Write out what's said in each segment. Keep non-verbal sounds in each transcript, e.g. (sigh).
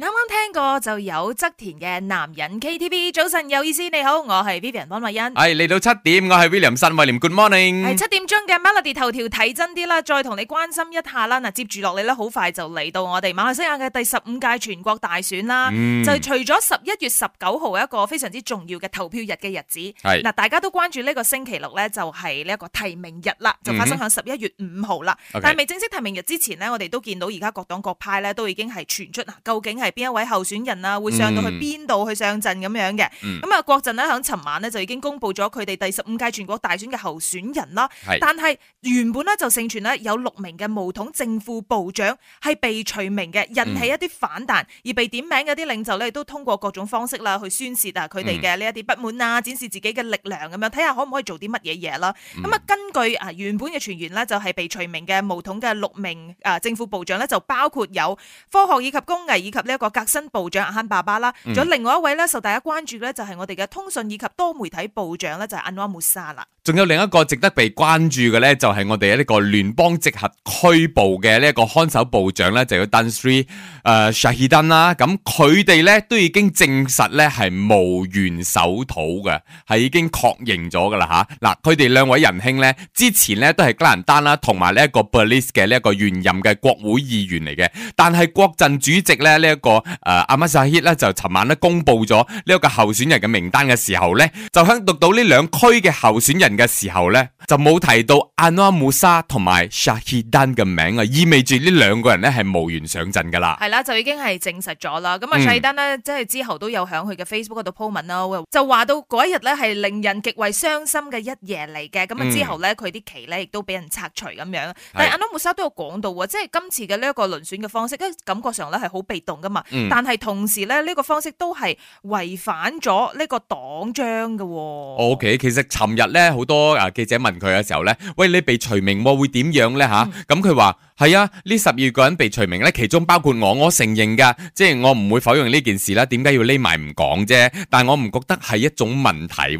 啱啱聽過就有側田嘅男人 KTV。早晨，有意思，你好，我係 Vivian 溫慧欣，係嚟到七點，我係 William 新偉廉 Good morning，係七點鐘嘅 Melody。頭條睇真啲啦，再同你關心一下啦。嗱，接住落嚟咧，好快就嚟到我哋馬來西亞嘅第十五屆全國大選啦，嗯、就係除咗十一月十九號一個非常之重要嘅投票日嘅日子，嗱是，大家都關注呢個星期六咧，就係呢一個提名日啦，就發生喺十一月五號啦，嗯、但係未正式提名日之前呢，我哋都見到而家各黨各派咧都已經係傳出啦究竟係，邊一位候選人啊會上到去邊度去上陣咁樣嘅？咁啊，國陣呢響尋晚呢，就已經公布咗佢哋第十五屆全國大選嘅候選人啦。但係原本呢，就盛傳呢有六名嘅毛統政府部長係被除名嘅，引起一啲反彈，而被點名嘅啲領袖咧都通過各種方式啦去宣洩啊佢哋嘅呢一啲不滿啊，展示自己嘅力量咁樣，睇下可唔可以做啲乜嘢嘢啦。咁啊，根據啊原本嘅傳言呢，就係被除名嘅毛統嘅六名啊政府部長呢，就包括有科學以及工藝以及呢個革新部長阿肯爸爸啦，仲有另外一位咧受大家關注嘅咧，就係我哋嘅通訊以及多媒體部長咧，就係恩瓦莫沙啦。仲有另一個值得被關注嘅咧，就係我哋呢個聯邦直轄區部嘅呢一個看守部長咧，就叫丹斯瑞誒沙希登啦。咁佢哋咧都已經證實咧係無緣守土嘅，係已經確認咗噶啦吓。嗱、啊，佢哋兩位仁兄咧之前咧都係格蘭丹啦，同埋呢一個布里斯嘅呢一個原任嘅國會議員嚟嘅，但係國陣主席咧呢一、這個。個誒阿馬薩希咧就尋晚咧公布咗呢一個候選人嘅名單嘅時候咧，就響讀到呢兩區嘅候選人嘅時候咧，就冇提到阿努阿姆沙同埋沙希丹嘅名啊，意味住呢兩個人咧係無緣上陣噶啦。係啦，就已經係證實咗啦。咁啊，沙希丹咧，即係之後都有響佢嘅 Facebook 嗰度 post 文啦，就話到嗰一日咧係令人極為傷心嘅一夜嚟嘅。咁啊，之後咧佢啲旗咧亦都俾人拆除咁樣。但係阿努阿姆沙都有講到啊，即係今次嘅呢一個輪選嘅方式，因為感覺上咧係好被動噶嘛。嗯、但係同時咧，呢個方式都係違反咗呢個黨章噶喎。OK，其實尋日咧好多啊記者問佢嘅時候咧，喂，你被除名會點樣咧吓？咁佢話係啊，呢十二個人被除名咧，其中包括我，我承認噶，即係我唔會否認呢件事啦。點解要匿埋唔講啫？但我唔覺得係一種問題，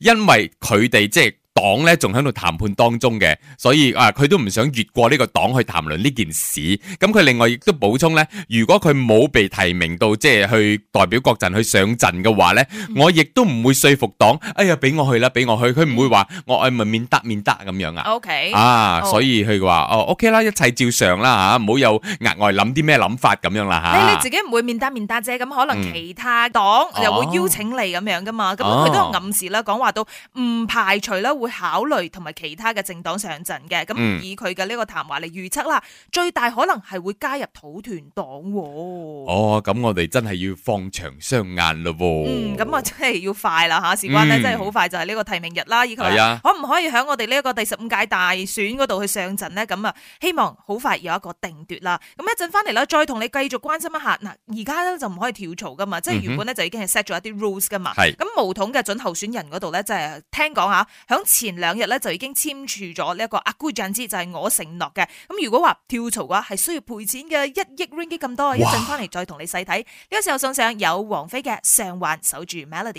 因為佢哋即係。黨咧仲喺度談判當中嘅，所以啊，佢都唔想越過呢個黨去談論呢件事。咁佢另外亦都補充咧，如果佢冇被提名到，即係去代表各陣去上陣嘅話咧，嗯、我亦都唔會說服黨，哎呀，俾我去啦，俾我去。佢唔會話、嗯、我誒，咪免得？免得？咁樣啊。O Okay . K 啊，Okay. 所以佢話 Okay. 哦，O K 啦，okay, 一切照常啦吓，唔、啊、好有額外諗啲咩諗法咁樣啦吓。你、啊 hey, 你自己唔會免得？免得啫，咁可能其他黨、嗯哦、又會邀請你咁樣噶嘛。咁佢都有暗示啦，講話都唔排除啦。會考慮同埋其他嘅政黨上陣嘅，咁以佢嘅呢個談話嚟預測啦，嗯、最大可能係會加入土團黨。哦、咁、哦、我哋真係要放長雙眼咯、哦。嗯，咁啊，真係要快啦吓，事關咧真係好快就係呢個提名日啦。係啊，哎、呀可唔可以響我哋呢一個第十五屆大選嗰度去上陣呢？咁啊，希望好快有一個定奪啦。咁一陣翻嚟啦，再同你繼續關心一下。嗱，而家咧就唔可以跳槽噶嘛，即係原本咧、嗯、哼就已經係 set 咗一啲 rules 噶嘛。係是，咁毛統嘅準候選人嗰度咧，就係聽講吓響。前兩日咧就已經簽署咗呢一個阿姑帳子，就係我承諾嘅。咁如果話跳槽嘅話，係需要賠錢嘅一億 ringgit 咁多。一陣翻嚟再同你細睇。呢、這個時候送上有王菲嘅《上環守住 Melody》。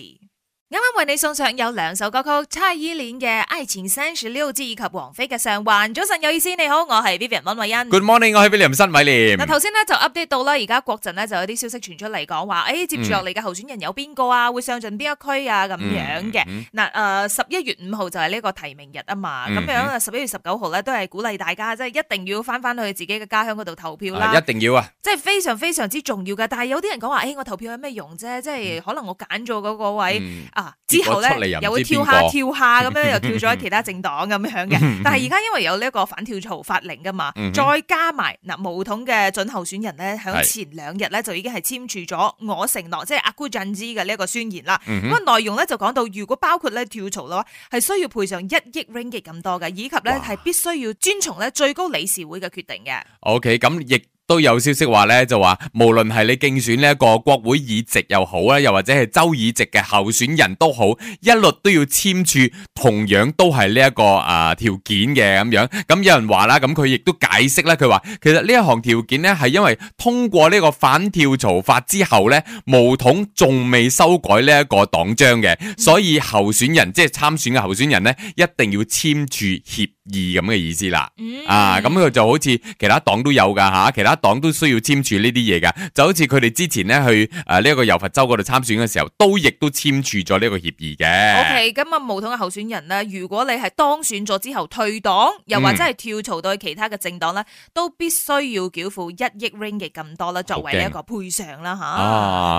啱啱為你送上有兩首歌曲，蔡依蓮嘅《愛情三十六》2, 以及王菲嘅《上環》。早晨有意思，你好，我係 Vivian 溫慧欣。Good morning，我係 Vivian 新偉廉。嗱，頭先呢就 update 到啦，而家國陣呢就有啲消息傳出嚟，講話誒，接住落嚟嘅候選人有邊個啊？會上進邊一區啊？咁樣嘅嗱，誒、嗯，十、嗯、一、呃、月五號就係呢個提名日啊嘛，咁樣啊，十一月十九號咧都係鼓勵大家，即係一定要翻翻去自己嘅家鄉嗰度投票啦、啊，一定要啊，即係非常非常之重要嘅。但係有啲人講話，誒、欸，我投票有咩用啫？即係可能我揀咗嗰個位。嗯之後咧又會跳下跳下咁樣， (laughs) 又跳咗喺其他政黨咁樣嘅。 (laughs) 但係而家因為有呢一個反跳槽法令噶嘛，嗯、哼再加埋嗱巫統嘅準候選人咧，響前兩日咧就已經係簽署咗我承諾，即係 Aku Janji 嘅呢一個宣言啦。咁啊內容咧就講到，如果包括咧跳槽嘅話，係需要賠償一億 ringgit 咁多嘅，以及咧係哇必須要遵從咧最高理事會嘅決定嘅。OK，咁亦。都有消息話咧，就話，無論係你競選呢一個國會議席又好啦，又或者係州議席嘅候選人都好，一律都要簽署同樣都係呢一個啊條件嘅咁樣。咁有人話啦，咁佢亦都解釋啦，佢話其實一條呢一項條件咧係因為通過呢個反跳槽法之後咧，毛統仲未修改呢一個黨章嘅，所以候選人即係參選嘅候選人咧一定要簽署協。二咁嘅意思啦，嗯、啊，咁佢就好似其他黨都有噶吓，其他黨都需要簽署呢啲嘢噶，就好似佢哋之前咧去誒呢一個柔佛州嗰度參選嘅時候，都亦都簽署咗呢個協議嘅。O K，咁啊，巫統嘅候選人咧，如果你係當選咗之後退黨，又或者係跳槽到去其他嘅政黨咧，嗯、都必須要繳付一億 ringgit 咁多啦，作為一個賠償啦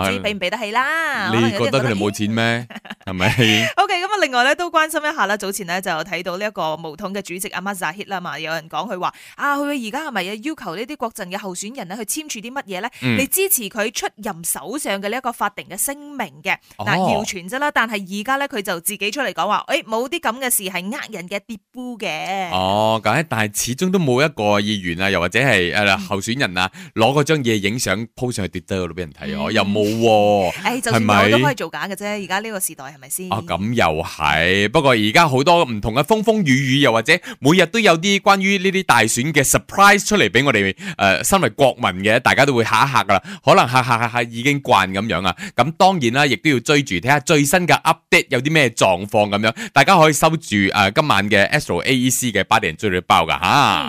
吓，至於俾唔俾得起啦，你覺得佢哋冇錢咩？係咪？ (laughs) (laughs) 咁啊，另外咧都關心一下啦。早前咧就睇到呢一個巫統嘅主席阿 Masrahit 啦嘛，有人講佢話啊，佢而家係咪要求呢啲國陣嘅候選人去簽署啲乜嘢咧？嗯、你支持佢出任首相嘅呢一個法定嘅聲明嘅嗱，謠傳啫啦。但係而家咧佢就自己出嚟，講話，誒冇啲咁嘅事係呃人嘅跌煲嘅。哦，但係始終都冇一個議員啊，又或者係、嗯、候選人啊，攞個張嘢影相 po 上去跌堆嗰度俾人睇，嗯、又冇、哦。誒、哎，就算，係咪，都可以做假嘅啫，而家呢個時代係咪先？啊，咁又係，不過而家好多唔同嘅風風雨雨，又或者每日都有啲關於呢啲大選嘅 surprise 出嚟，俾我哋誒身為國民嘅，大家都會吓一吓噶啦，可能吓吓吓吓已經慣咁樣啊。咁當然啦，亦都要追住睇下最新嘅 update 有啲咩狀況咁樣，大家可以收住誒、呃、今晚嘅 Astro AEC 嘅八點追雷包噶吓。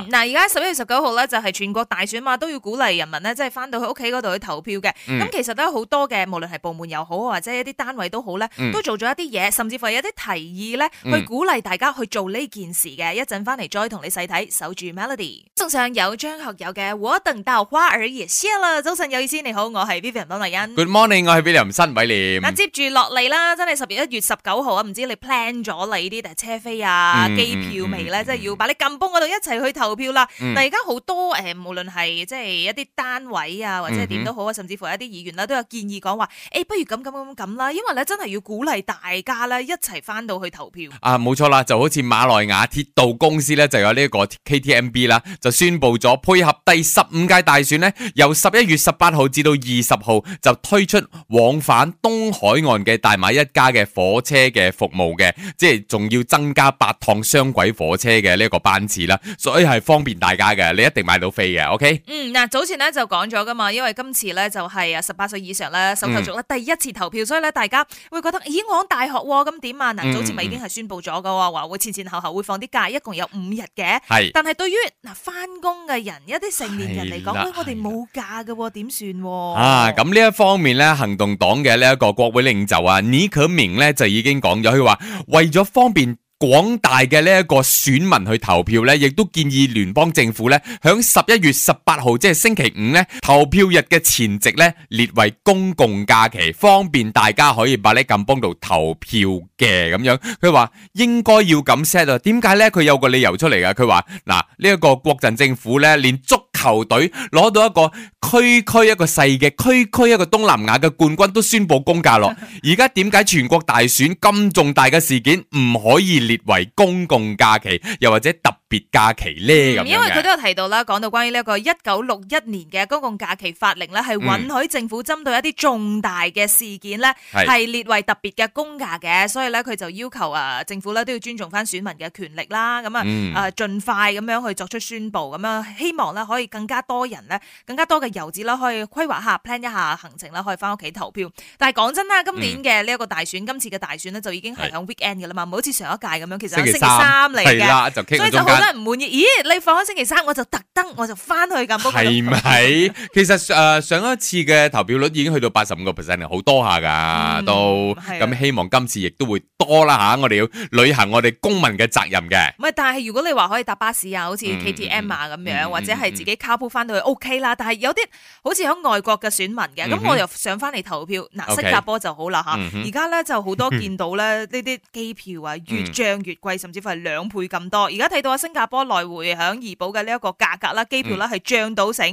嗱、啊，而家十一月十九號咧就係、是、全國大選嘛，都要鼓勵人民呢，即係翻到去屋企嗰度去投票嘅。咁、嗯、其實都有好多嘅，無論係部門又好，或者一啲單位都好咧，都做咗一啲嘢，嗯、甚至。有啲提議咧，去鼓勵大家去做呢件事嘅。一陣翻嚟再同你細睇。守住 Melody，仲上有張學友嘅我等到花兒也謝了啦。早晨有意思，你好，我係 Vivian 潘麗欣。Good morning，我係 Billy 林。那接住落嚟啦，真係十一月十九號啊！唔知你 plan 咗你啲車飛啊、機票未咧？嗯、即係要把你撳崩嗰度一齊去投票啦。嗯、但而家好多誒，無論係即係一啲單位啊，或者點都好啊，嗯嗯甚至乎一啲議員啦、啊，都有建議講話誒，不如咁咁咁咁啦，因為咧真係要鼓勵大家啦一齊翻到去投票啊！冇錯啦，就好似馬來亞鐵道公司咧，就有呢個 KTMB 啦，就宣布咗配合第十五屆大選呢，由十一月十八號至到二十號就推出往返東海岸嘅大馬一家嘅火車嘅服務嘅，即係仲要增加八趟雙軌火車嘅呢個班次啦，所以係方便大家嘅，你一定買到飛嘅，OK？嗯，嗱早前咧就講咗噶嘛，因為今次呢就係啊十八歲以上呢，首投族第一次投票，嗯、所以呢，大家會覺得咦我大學咁、哦。點啊？嗱、嗯，早前咪已經係宣布咗噶，話會前前後後會放啲假，一共有五日嘅。係的，但係對於嗱翻工嘅人，一啲成年人嚟講，咁的、哎、我哋冇假噶，點的算？啊，咁呢一方面咧，行動黨嘅呢一個國會領袖啊，尼克明咧就已經講咗，佢話為咗方便。廣大嘅呢一個選民去投票呢，亦都建議聯邦政府呢，響十一月十八號，即係星期五呢，投票日嘅前夕呢，列為公共假期，方便大家可以把呢咁幫到投票嘅咁樣。佢話應該要咁 set 啊？點解呢？佢有個理由出嚟㗎。佢話嗱，呢一、這個國陣政，政府呢，連足。球隊攞到一個區區一個細嘅區區一個東南亞嘅冠軍，都宣布公假咯。而家點解全國大選咁重大嘅事件唔可以列為公共假期，又或者特別？別假期咧，咁、嗯、因為佢都有提到啦，講到關於呢一個一九六一年嘅公共假期法令咧，係允許政府針對一啲重大嘅事件咧係、嗯、列為特別嘅公假嘅，所以咧佢就要求啊政府咧都要尊重翻選民嘅權力啦，咁、嗯、啊啊盡快咁樣去作出宣布，咁樣希望咧可以更加多人咧，更加多嘅遊子啦，可以規劃下 plan 一下行程啦，可以翻屋企投票。但係講真啦，今年嘅呢一個大選，嗯、今次嘅大選咧就已經係喺 weekend 嘅啦嘛，唔好似上一屆咁樣，其實係星期三嚟嘅，所以就好唔滿意？咦，你放喺星期三我就特登我就翻去咁，係咪？是是 (laughs) 其實誒、呃、上一次嘅投票率已經去到八十五個 percent 好多下噶都咁希望今次亦都會多啦吓、啊，我哋要履行我哋公民嘅責任嘅。唔係，但係如果你話可以搭巴士啊，好似 KTM 啊咁樣，嗯嗯、或者係自己 carpool 翻到去 O、OK、K 啦。但係有啲好似喺外國嘅選民嘅，咁、嗯、哼我又上翻嚟投票。嗱、啊，新加坡就好啦吓，而家咧就好多見到咧呢啲機 (laughs) 票啊越漲越貴，甚至乎係兩倍咁多。而家睇到新加坡來回響怡寶嘅呢一個價格啦，機票咧係漲到成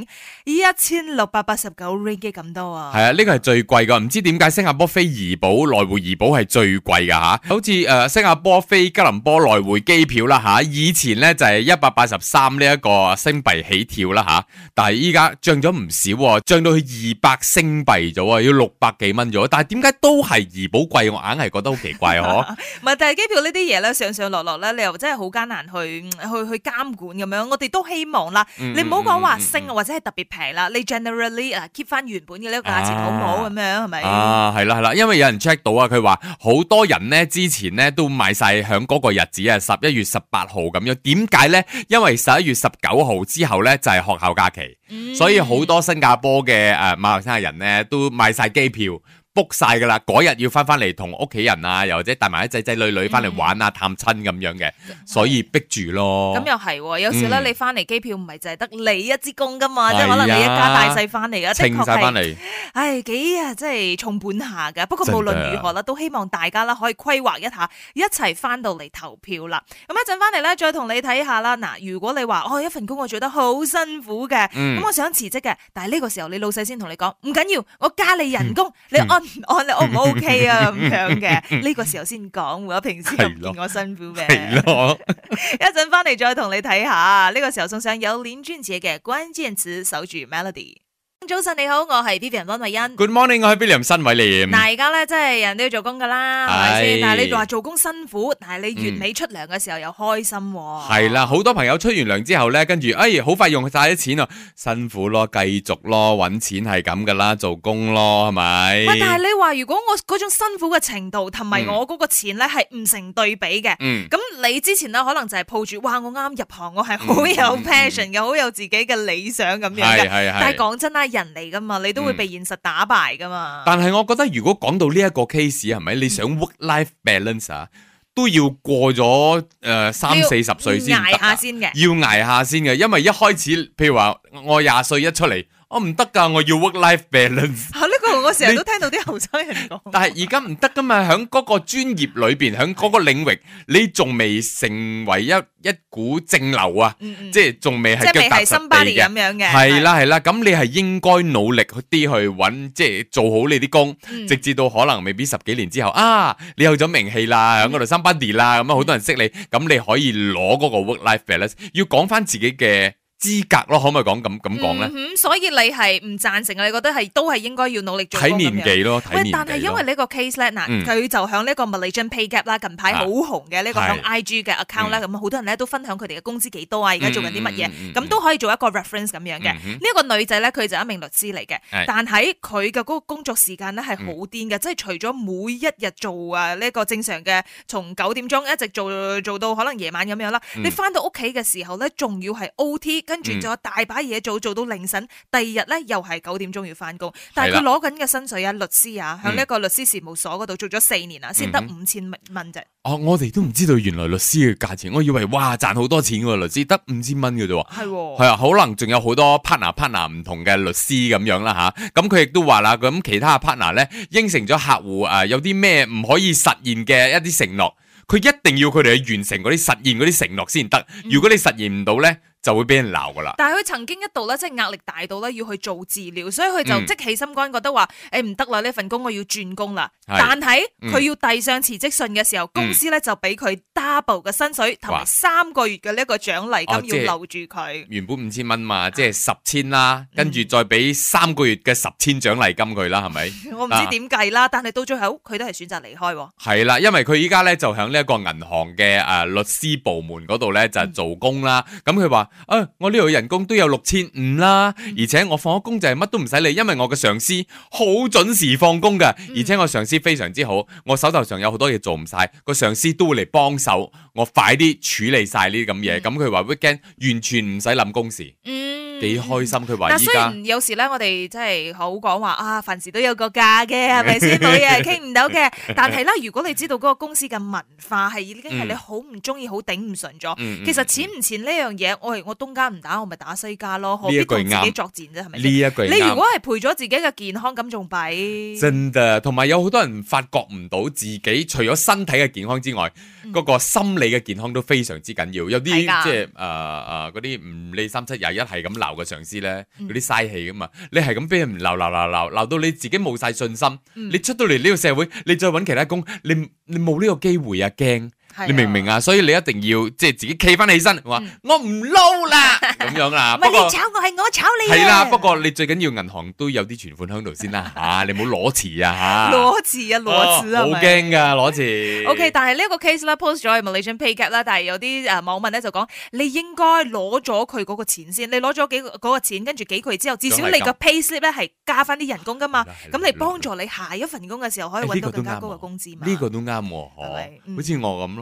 一千六百八十九 ringgit 咁多啊！係啊，呢、呢個係最貴噶，唔知點解新加坡飛怡寶來回怡寶係最貴噶吓，好似誒、呃、新加坡飛吉隆坡來回機票啦吓、啊，以前咧就係一百八十三呢一個星幣起跳啦吓、啊，但係依家漲咗唔少，漲到去二百星幣咗啊，要六百幾蚊咗，但係點解都係怡寶貴，我硬係覺得好奇怪嗬？唔係、 (laughs) 啊，但係機票這些東西呢啲嘢咧上上落落咧，你又真係好艱難去。去去監管咁樣，我哋都希望啦。嗯、你唔好講話升、嗯、或者係特別平啦。嗯、你 generally 啊 keep 翻原本嘅呢個價錢、啊、好唔好樣？咁樣係咪？是是啊係啦係啦，因為有人 check 到啊，佢話好多人呢之前呢都買晒響嗰個日子啊，十一月十八號咁樣。點解呢？因為十一月十九號之後呢就係、是、學校假期，嗯、所以好多新加坡嘅誒、呃、馬來西亞人呢都買晒機票。book 晒噶啦，嗰日要翻翻嚟同屋企人啊，又或者帶埋啲仔仔女女翻嚟玩啊、嗯、探親咁樣嘅，所以逼住咯。咁又係，有時咧你翻嚟機票唔係淨係得你一支公噶嘛，嗯、即係可能你一家大細翻嚟啊，晒返嚟。唉，幾啊，真係重本下噶。不過無論如何啦，的都希望大家啦可以規劃一下，一齊翻到嚟投票啦。咁一陣翻嚟咧，再同你睇下啦。嗱，如果你話哦一份工我做得好辛苦嘅，咁、嗯、我想辭職嘅，但係呢個時候你老細先同你講唔緊要，我加你人工，嗯、你按。我你 O 唔 OK 啊咁 (music) 樣嘅呢 (music) 個時候先講，如果平時唔見我辛苦咩？ (laughs) 一陣翻嚟再同你睇下呢、這個時候送上有林俊傑嘅關鍵詞守住 Melody。早晨你好，我係 Vivian 温慧欣。Good morning，我係 William 申偉廉。大家咧，真係人都要做工噶啦，係咪先？但係你話做工辛苦，但係你完美出糧嘅時候又開心、啊。係啦、嗯，好多朋友出完糧之後咧，跟住哎，好快用晒啲錢啊，辛苦咯，繼續咯，搵錢係咁噶啦，做工咯，係咪？但係你話如果我嗰種辛苦嘅程度同埋我嗰個錢咧係唔成對比嘅，咁、嗯、你之前呢，可能就係抱住哇，我啱入行，我係好有 passion 嘅，好、嗯嗯、有自己嘅理想咁樣。是、是、是、但係講真啦。人嚟噶嘛，你都會被現實打敗噶嘛。嗯、但係我覺得如果講到呢一個 case，係咪你想 work-life balance 啊？都要過咗誒、呃、三四十歲先、啊、挨下先嘅，要挨下先嘅，因為一開始譬如話我廿歲一出嚟，我唔得噶，我要 work-life balance。 (laughs) 我成日都聽到啲後生人講，但係而家唔得㗎嘛，喺嗰個專業裏邊，喺嗰個領域，是的 你仲未成為一一股正流啊，嗯嗯即係仲未係 somebody 咁樣嘅，係啦係啦，咁你係應該努力啲去揾，即係做好你啲工，嗯、直至到可能未必十幾年之後啊，你有咗名氣啦，喺嗰度 somebody 啦，咁啊好多人識你，咁是的 你可以攞嗰個 work life balance，要講返自己嘅。資格咯，可唔可以講咁咁講咧？所以你係唔贊成啊？你覺得係都係應該要努力做。睇年紀咯，睇年紀係。但係因為呢個 case 咧、嗯，嗱、嗯，佢就響呢個 Malaysian Pay Gap 啦，近排好紅嘅呢個響 IG 嘅 account 啦，咁好多人咧都分享佢哋嘅工資幾多啊，而家做緊啲乜嘢，咁都、嗯嗯嗯嗯嗯、可以做一個 reference 咁樣嘅。呢一、嗯嗯、個女仔咧，佢就係一名律師嚟嘅，嗯嗯但係佢嘅嗰個工作時間咧係好癲嘅，嗯、即係除咗每一日做啊呢、呢個正常嘅，從九點鐘一直做做到可能夜晚咁樣啦，嗯、你翻到屋企嘅時候咧，仲要係 OT。跟住仲有大把嘢做，做到凌晨。第二日咧又係九點鐘要翻工。但係佢攞緊嘅薪水啊，律師啊，喺呢個律師事務所嗰度做咗四年啊，先得五千蚊啫。哦，我哋都唔知道原來律師嘅價錢，我以為哇賺好多錢個律師，得五千蚊㗎啫。係係啊，可能仲有好多 partner partner，唔同嘅律師咁樣啦吓。咁佢亦都話啦，咁其他 partner 咧應承咗客戶誒，有啲咩唔可以實現嘅一啲承諾，佢一定要佢哋去完成嗰啲實現嗰啲承諾先得。如果你實現唔到咧，就會俾人鬧噶啦。但係佢曾經一度咧，即係壓力大到咧要去做治療，所以佢就即起心肝，覺得話誒唔得啦，呢、嗯欸、份工我要轉工啦。是但係佢要遞上辭職信嘅時候，嗯、公司咧就俾佢 double 嘅薪水，同埋三個月嘅呢個獎勵金要留住佢。哦、住原本五千蚊嘛，即係十千啦，嗯、跟住再俾三個月嘅十千獎勵金佢啦，係咪？ (laughs) 我唔知點計啦，啊、但係到最後佢都係選擇離開、啊。係啦，因為佢依家咧就響呢一個銀行嘅誒、呃、律師部門嗰度咧就係做工啦。咁佢話。誒、哎，我呢度嘅人工都有六千五啦，嗯、而且我放咗工就係乜都唔使理，因為我嘅上司好準時放工噶，而且我上司非常之好，我手頭上有好多嘢做唔晒，個上司都會嚟幫手，我快啲處理晒呢啲咁嘢。咁、嗯、佢話、嗯、weekend 完全唔使諗公事、嗯幾開心佢話，嗱雖然有時咧，我哋真係好講話啊，凡事都有個價嘅，係咪先？冇嘢傾唔到嘅，但係咧，如果你知道嗰個公司嘅文化係已經係你好唔中意、好頂唔順咗，其實錢唔錢呢樣嘢，我我東家唔打，我咪打西家咯，何必同自己作賤啫？係咪？呢一句你如果係賠咗自己嘅健康，咁仲弊？真㗎，同埋有好多人發覺唔到自己，除咗身體嘅健康之外，嗰個心理嘅健康都非常之緊要。有啲即係誒誒，嗰啲唔理三七廿一係咁諗。個上司咧，嗰啲嘥氣噶嘛，你係咁俾人鬧鬧鬧鬧鬧到你自己冇晒信心，嗯、你出到嚟呢個社會，你再揾其他工，你你冇呢個機會啊，驚。你明唔明啊？所以你一定要即係自己企翻起身，話我唔撈啦咁樣啦。唔係你炒我，係我炒你。係啦，不過你最緊要銀行都有啲存款喺度先啦吓，你唔好裸辭啊吓。裸辭啊，裸辭啊，好驚噶裸辭。O K，但係呢個 case 咧 post 咗喺 Malaysian pay gap 啦，但係有啲誒網民咧就講你應該攞咗佢嗰個錢先，你攞咗幾個嗰個錢，跟住幾個月之後至少你個 pay slip 咧係加翻啲人工噶嘛，咁嚟幫助你下一份工嘅時候可以搵到更加高嘅工資嘛。呢個都啱喎，好似我咁咯。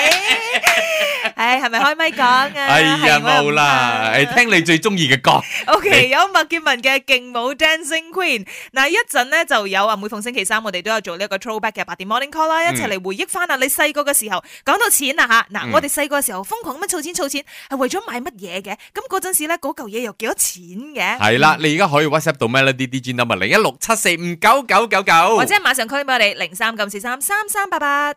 係咪開咪講啊？哎呀，冇啦，聽你最中意嘅歌。OK，有麥建文嘅勁舞 Dancing Queen。嗱，一陣咧就有啊，每逢星期三我哋都有做呢一個 Throwback 嘅八點 Morning Call 啦，一齊嚟回憶翻啊！你細個嘅時候，講到錢啊吓，嗱，我哋細個嘅時候瘋狂咁樣儲錢儲錢，係為咗買乜嘢嘅？咁嗰陣時咧，嗰嚿嘢又幾多錢嘅？係啦，你而家可以 WhatsApp 到咩咧？D D G number 零一六七四五九九九九，或者馬上 call 俾我哋零三九四三三三八八。